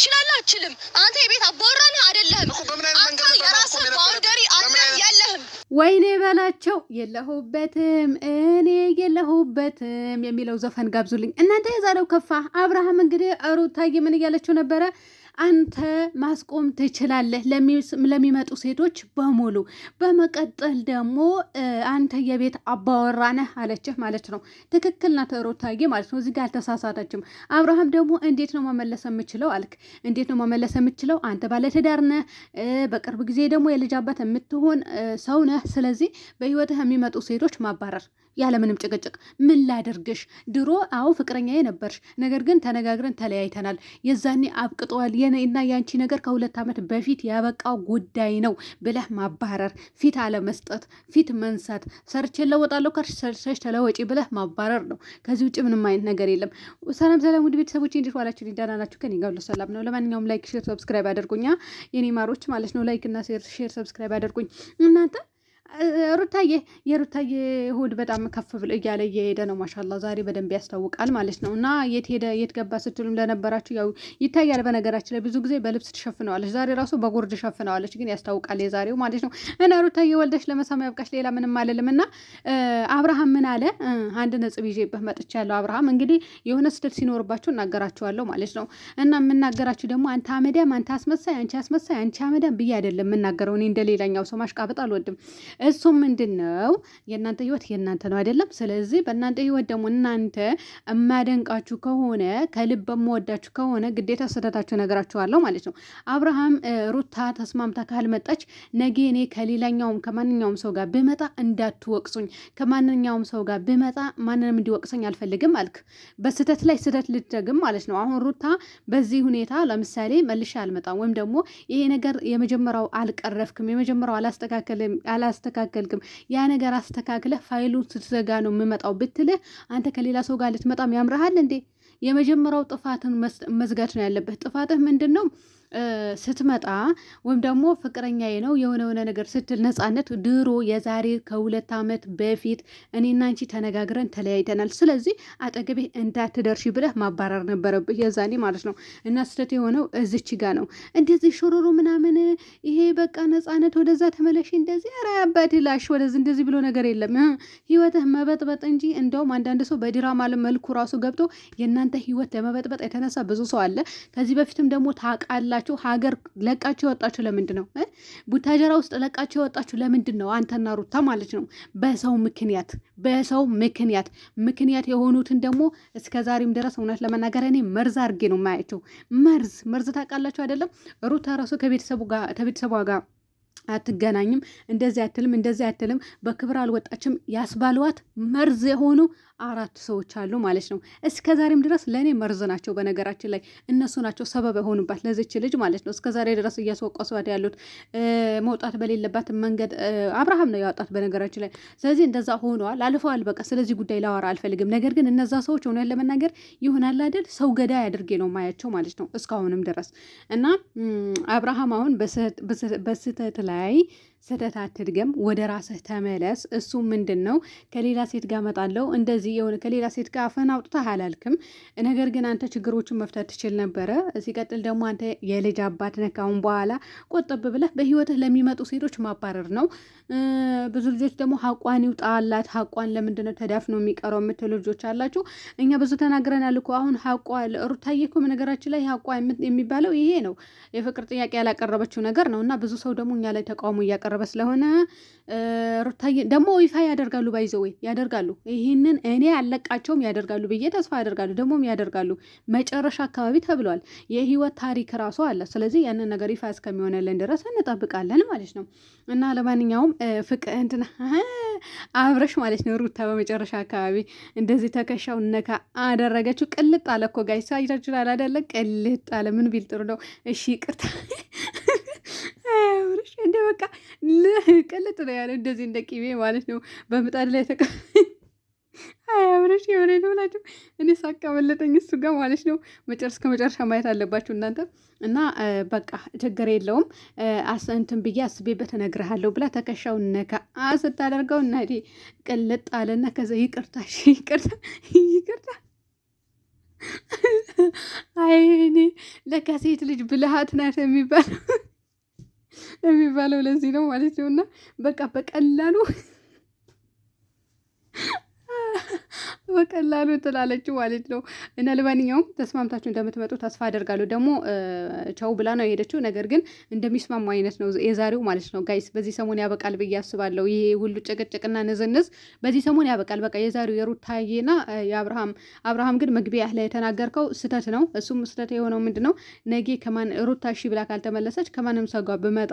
ትችላለህ አችልም። አንተ የቤት አባወራ ነህ አይደለህም። አንተ የራስህ ባውንደሪ የለህም። ወይኔ በላቸው የለሁበትም፣ እኔ የለሁበትም የሚለው ዘፈን ጋብዙልኝ እናንተ። የዛሬው ከፋ አብርሃም እንግዲህ ሩታዬ ምን እያለችው ነበረ? አንተ ማስቆም ትችላለህ ለሚመጡ ሴቶች በሙሉ። በመቀጠል ደግሞ አንተ የቤት አባወራ ነህ አለችህ ማለት ነው። ትክክል ናት ሩታዬ ማለት ነው። እዚህ ጋር አልተሳሳተችም። አብርሃም ደግሞ እንዴት ነው መመለስ የምችለው አልክ። እንዴት ነው መመለስ የምችለው? አንተ ባለትዳር ነህ፣ በቅርብ ጊዜ ደግሞ የልጅ አባት የምትሆን ሰው ነህ። ስለዚህ በህይወትህ የሚመጡ ሴቶች ማባረር ያለምንም ጭቅጭቅ ምን ላድርግሽ? ድሮ አዎ ፍቅረኛ ነበርሽ፣ ነገር ግን ተነጋግረን ተለያይተናል። የዛኔ አብቅጠዋል እና ያንቺ ነገር ከሁለት ዓመት በፊት ያበቃው ጉዳይ ነው ብለህ ማባረር፣ ፊት አለመስጠት፣ ፊት መንሳት፣ ሰርቼ ለወጣለሁ ካልሽ ሰርሰሽ ተለወጪ ብለህ ማባረር ነው። ከዚህ ውጭ ምንም አይነት ነገር የለም። ሰላም ሰላም፣ ውድ ቤተሰቦች እንዴት ዋላችሁ? ደህና ናችሁ? ከኔ ጋር ሰላም ነው። ለማንኛውም ላይክ፣ ሼር፣ ሰብስክራይብ አድርጉኛ የኔ ማሮች ማለት ነው። ላይክ እና ሼር ሰብስክራይብ አድርጉኝ እናንተ ሩታዬ የሩታዬ እሑድ በጣም ከፍ ብሎ እያለ እየሄደ ነው። ማሻላ ዛሬ በደንብ ያስታውቃል ማለት ነው። እና የት ሄደ የት ገባ ስትሉም ለነበራችሁ ያው ይታያል። በነገራችን ላይ ብዙ ጊዜ በልብስ ትሸፍነዋለች፣ ዛሬ ራሱ በጉርድ ሸፍነዋለች። ግን ያስታውቃል የዛሬው ማለት ነው። እና ሩታዬ ወልደሽ ለመሳም ያብቃሽ። ሌላ ምንም አለልም። እና አብርሃም ምን አለ? አንድ ነጥብ ይዤበት መጥቻለሁ። አብርሃም እንግዲህ የሆነ ስህተት ሲኖርባችሁ እናገራችኋለሁ ማለት ነው። እና የምናገራችሁ ደግሞ አንተ አመዳም፣ አንተ አስመሳይ፣ አንቺ አስመሳይ፣ አንቺ አመዳም ብዬ አይደለም የምናገረው እኔ እንደ ሌላኛው ሰው ማሽቃበጥ አልወድም። እሱ ምንድን ነው? የእናንተ ህይወት የእናንተ ነው አይደለም? ስለዚህ በእናንተ ህይወት ደግሞ እናንተ የማደንቃችሁ ከሆነ ከልብ የምወዳችሁ ከሆነ ግዴታ ስህተታችሁ ነገራችኋለሁ ማለት ነው። አብርሃም ሩታ ተስማምታ ካልመጣች ነገ እኔ ከሌላኛውም ከማንኛውም ሰው ጋር ብመጣ እንዳትወቅሱኝ፣ ከማንኛውም ሰው ጋር ብመጣ ማንንም እንዲወቅሰኝ አልፈልግም አልክ። በስህተት ላይ ስህተት ልደግም ማለት ነው። አሁን ሩታ በዚህ ሁኔታ ለምሳሌ መልሼ አልመጣም ወይም ደግሞ ይሄ ነገር የመጀመሪያው አልቀረፍክም፣ የመጀመሪያው አላስተካከልም አላስተ አላስተካከልክም፣ ያ ነገር አስተካክለህ ፋይሉን ስትዘጋ ነው የምመጣው ብትልህ አንተ ከሌላ ሰው ጋር ልትመጣም ያምረሃል እንዴ? የመጀመሪያው ጥፋትን መዝጋት ነው ያለበት። ጥፋትህ ምንድን ነው? ስትመጣ ወይም ደግሞ ፍቅረኛዬ ነው የሆነ የሆነ ነገር ስትል ነፃነት ድሮ የዛሬ ከሁለት ዓመት በፊት እኔና አንቺ ተነጋግረን ተለያይተናል፣ ስለዚህ አጠገቤ እንዳትደርሺ ብለህ ማባረር ነበረብህ የዛኔ ማለት ነው። እና ስህተት የሆነው እዚች ጋ ነው። እንደዚህ ሾሮሮ ምናምን ይሄ በቃ ነፃነት ወደዛ ተመለሽ እንደዚህ ኧረ አባቴ ላሽ ወደዚህ እንደዚህ ብሎ ነገር የለም። ህይወትህ መበጥበጥ እንጂ እንደውም አንዳንድ ሰው በድራማ መልኩ ራሱ ገብቶ የእናንተ ህይወት ለመበጥበጥ የተነሳ ብዙ ሰው አለ። ከዚህ በፊትም ደግሞ ታውቃላችሁ ያላችሁ ሀገር ለቃችሁ የወጣችሁ ለምንድን ነው? ቡታጀራ ውስጥ ለቃችሁ የወጣችሁ ለምንድን ነው? አንተና ሩታ ማለት ነው። በሰው ምክንያት በሰው ምክንያት ምክንያት የሆኑትን ደግሞ እስከ ዛሬም ድረስ እውነት ለመናገር እኔ መርዝ አድርጌ ነው የማያቸው። መርዝ መርዝ ታውቃላችሁ አይደለም? ሩታ ራሱ ከቤተሰቡ ጋር አትገናኝም እንደዚህ አትልም እንደዚህ አትልም በክብር አልወጣችም ያስባሏት መርዝ የሆኑ አራት ሰዎች አሉ ማለት ነው። እስከ ዛሬም ድረስ ለእኔ መርዝ ናቸው። በነገራችን ላይ እነሱ ናቸው ሰበብ የሆኑባት ለዚች ልጅ ማለት ነው። እስከ ዛሬ ድረስ እያስወቀሷት ያሉት መውጣት በሌለባት መንገድ አብርሃም ነው ያወጣት በነገራችን ላይ። ስለዚህ እንደዛ ሆነዋል፣ አልፈዋል። በቃ ስለዚህ ጉዳይ ላወራ አልፈልግም። ነገር ግን እነዛ ሰዎች ሆነ ለመናገር ይሆናል አይደል ሰው ገዳይ አድርጌ ነው ማያቸው ማለት ነው እስካሁንም ድረስ እና አብርሃም አሁን በስህተት ላይ ስህተት አትድገም፣ ወደ ራስህ ተመለስ። እሱ ምንድን ነው ከሌላ ሴት ጋር መጣለው እንደዚህ የሆነ ከሌላ ሴት ጋር አፈን አውጥታ አላልክም። ነገር ግን አንተ ችግሮችን መፍታት ትችል ነበረ። ሲቀጥል ደግሞ አንተ የልጅ አባት ነህ። ካሁን በኋላ ቆጠብ ብለህ በህይወትህ ለሚመጡ ሴቶች ማባረር ነው። ብዙ ልጆች ደግሞ ሀቋን ይውጣላት ሀቋን ለምንድነው ተዳፍኖ የሚቀረው የምትሉ ልጆች አላችሁ። እኛ ብዙ ተናግረናል እኮ አሁን ሀቋ ሩታዬ እኮ ነገራችን ላይ ሀቋ የሚባለው ይሄ ነው፣ የፍቅር ጥያቄ ያላቀረበችው ነገር ነው። እና ብዙ ሰው ደግሞ እኛ ላይ ተቃውሞ እያቀረ እየቀረበ ስለሆነ ደግሞ ይፋ ያደርጋሉ፣ ባይዘወይ ያደርጋሉ። ይህንን እኔ ያለቃቸውም ያደርጋሉ ብዬ ተስፋ ያደርጋሉ፣ ደግሞም ያደርጋሉ። መጨረሻ አካባቢ ተብሏል። የህይወት ታሪክ ራሱ አለ። ስለዚህ ያንን ነገር ይፋ እስከሚሆነልን ድረስ እንጠብቃለን ማለት ነው እና ለማንኛውም ፍቅ እንትና አብረሽ ማለት ነው ሩታ በመጨረሻ አካባቢ እንደዚህ ተከሻው ነካ አደረገችው። ቅልጥ አለ እኮ ጋይሳ ይታችላል አደለ? ቅልጥ አለ። ምን ቢል ጥሩ ነው? እሺ ይቅርታ ቅልጥ ነው ያለ እንደዚህ እንደ ቂቤ ማለት ነው። በምጣድ ላይ ተቀ አያምርሽ የሆነ ነው ብላችሁ እኔ ሳቃበለጠኝ እሱ ጋር ማለት ነው። መጨረስ ከመጨረሻ ማየት አለባችሁ እናንተ እና በቃ ችግር የለውም አሰንትን ብዬ አስቤበት እነግርሃለሁ ብላ ተከሻው ነካ ስታደርገው እና ቅልጥ አለና ከዛ ይቅርታ ይቅርታ ይቅርታ አይኔ ለካ ሴት ልጅ ብልሃት ናት የሚባለው የሚባለው ለዚህ ነው ማለት ነው። እና በቃ በቀላሉ በቀላሉ ትላለች ማለት ነው። እና ለማንኛውም ተስማምታችሁ እንደምትመጡ ተስፋ አደርጋለሁ። ደግሞ ቸው ብላ ነው የሄደችው፣ ነገር ግን እንደሚስማሙ አይነት ነው የዛሬው ማለት ነው። ጋይስ በዚህ ሰሞን ያበቃል ብዬ አስባለሁ። ይሄ ሁሉ ጭቅጭቅና ንዝንዝ በዚህ ሰሞን ያበቃል። በቃ የዛሬው የሩታዬና የአብርሃም አብርሃም ግን መግቢያ ላይ የተናገርከው ስህተት ነው። እሱም ስህተት የሆነው ምንድን ነው ነጌ ከማን ሩታ እሺ ብላ ካልተመለሰች ከማንም ሰው ጋር ብመጣ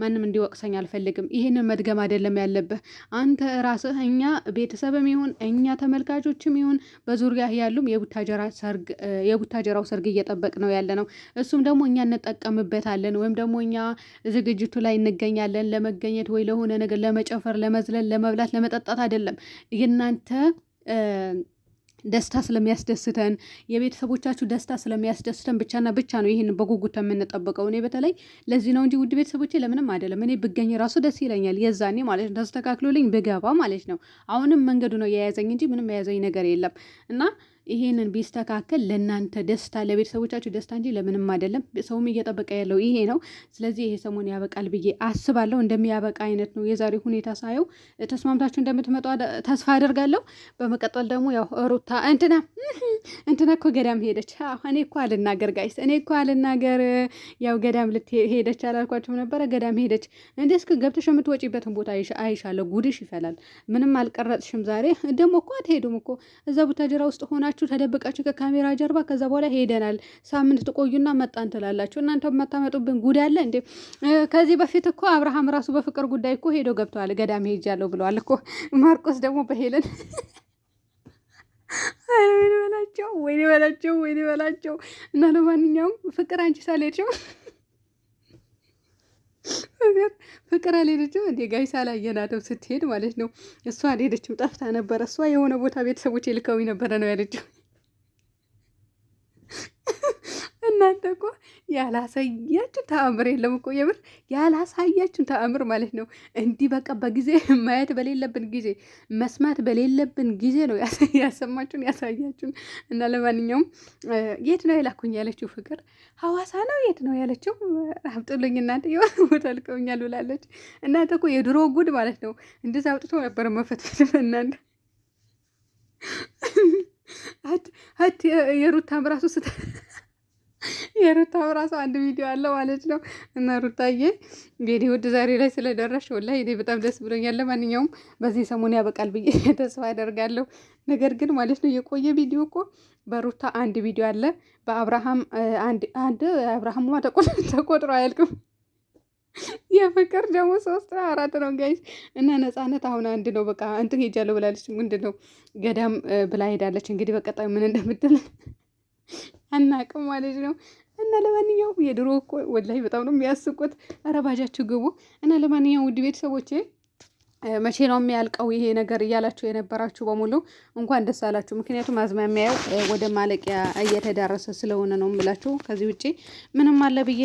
ማንም እንዲወቅሰኝ አልፈልግም። ይህንን መድገም አይደለም ያለብህ አንተ ራስህ እኛ ቤተሰብም ይሁን እኛ ተመልካቾች ሴቶችም ይሁን በዙሪያ ያሉም የቡታጀራው ሰርግ እየጠበቅ ነው ያለ ነው። እሱም ደግሞ እኛ እንጠቀምበታለን ወይም ደግሞ እኛ ዝግጅቱ ላይ እንገኛለን ለመገኘት ወይ ለሆነ ነገር ለመጨፈር፣ ለመዝለል፣ ለመብላት፣ ለመጠጣት አይደለም የእናንተ ደስታ ስለሚያስደስተን የቤተሰቦቻችሁ ደስታ ስለሚያስደስተን ብቻና ብቻ ነው ይህን በጉጉት የምንጠብቀው። እኔ በተለይ ለዚህ ነው እንጂ ውድ ቤተሰቦቼ ለምንም አይደለም። እኔ ብገኝ ራሱ ደስ ይለኛል። የዛኔ ማለት ነው ተስተካክሎልኝ ብገባ ማለት ነው። አሁንም መንገዱ ነው የያዘኝ እንጂ ምንም የያዘኝ ነገር የለም እና ይሄንን ቢስተካከል ለእናንተ ደስታ፣ ለቤተሰቦቻችሁ ደስታ እንጂ ለምንም አይደለም። ሰውም እየጠበቀ ያለው ይሄ ነው። ስለዚህ ይሄ ሰሞን ያበቃል ብዬ አስባለሁ። እንደሚያበቃ አይነት ነው የዛሬ ሁኔታ ሳየው። ተስማምታችሁ እንደምትመጣ ተስፋ አደርጋለሁ። በመቀጠል ደግሞ ያው ሩታ እንትና እንትና እኮ ገዳም ሄደች። እኔ እኮ አልናገር ጋይስ፣ እኔ እኮ አልናገር። ያው ገዳም ልትሄደች አላልኳቸው ነበረ? ገዳም ሄደች እንደ እስክ ገብተሽ የምትወጪበትን ቦታ አይሻለሁ። ጉድሽ ይፈላል። ምንም አልቀረጥሽም ዛሬ። ደግሞ እኮ አትሄዱም እኮ እዛ ቡታጅራ ውስጥ ሆናችሁ ሄዳችሁ ተደብቃችሁ ከካሜራ ጀርባ ከዛ በኋላ ሄደናል ሳምንት ትቆዩና መጣን ትላላችሁ። እናንተ መታመጡብን ጉድ አለ እንዴ? ከዚህ በፊት እኮ አብርሃም ራሱ በፍቅር ጉዳይ እኮ ሄዶ ገብተዋል። ገዳም ሄጃለሁ ብለዋል እኮ። ማርቆስ ደግሞ በሄለን ወይኔ በላቸው፣ ወይኔ በላቸው። እና ለማንኛውም ፍቅር አንቺ ሳልሄድሽም ፍቅር አልሄደችም እንዴ? ጋይሳ ላይ የናደው ስትሄድ ማለት ነው። እሷ አልሄደችም፣ ጠፍታ ነበረ። እሷ የሆነ ቦታ ቤተሰቦች ልከው ነበረ ነው ያለችው። እናንተ እኮ ያላሳያችሁ ተአምር የለም እኮ የምር ያላሳያችሁ ተአምር ማለት ነው። እንዲህ በቃ በጊዜ ማየት በሌለብን ጊዜ መስማት በሌለብን ጊዜ ነው ያሰማችሁን ያሳያችሁን። እና ለማንኛውም የት ነው የላኩኝ ያለችው ፍቅር ሐዋሳ ነው የት ነው ያለችው? አብጡልኝ እናንተ የሆነ ቦታ ልቀውኛል ብላለች። እናንተ እኮ የድሮ ጉድ ማለት ነው። እንደዛ አውጥቶ ነበር መፈትፈት በእናንተ ሀት የሩታም ራሱ ስተ የሩታ ራሱ አንድ ቪዲዮ አለ ማለት ነው። እና ሩታዬ እንግዲህ ውድ ዛሬ ላይ ስለደረሽ ወላሂ እኔ በጣም ደስ ብሎኛል። ለማንኛውም በዚህ ሰሞን ያበቃል ብዬ ተስፋ አደርጋለሁ። ነገር ግን ማለት ነው የቆየ ቪዲዮ እኮ በሩታ አንድ ቪዲዮ አለ፣ በአብርሃም አንድ አብርሃም ተቆጥሮ አያልቅም። የፍቅር ደግሞ ሶስት አራት ነው ጋይስ። እና ነፃነት አሁን አንድ ነው በቃ እንትን ሄጃለሁ ብላለች። ምንድን ነው ገዳም ብላ ሄዳለች። እንግዲህ በቀጣዩ ምን እንደምትል አናቅም ማለት ነው። እና ለማንኛውም የድሮ እኮ ወላሂ በጣም ነው የሚያስቁት። አረባጃችሁ ግቡ እና ለማንኛውም ውድ ቤተሰቦቼ መቼ ነው የሚያልቀው ይሄ ነገር እያላችሁ የነበራችሁ በሙሉ እንኳን ደስ አላችሁ። ምክንያቱም አዝማሚያው ወደ ማለቂያ እየተዳረሰ ስለሆነ ነው የምላችሁ። ከዚህ ውጭ ምንም አለ ብዬ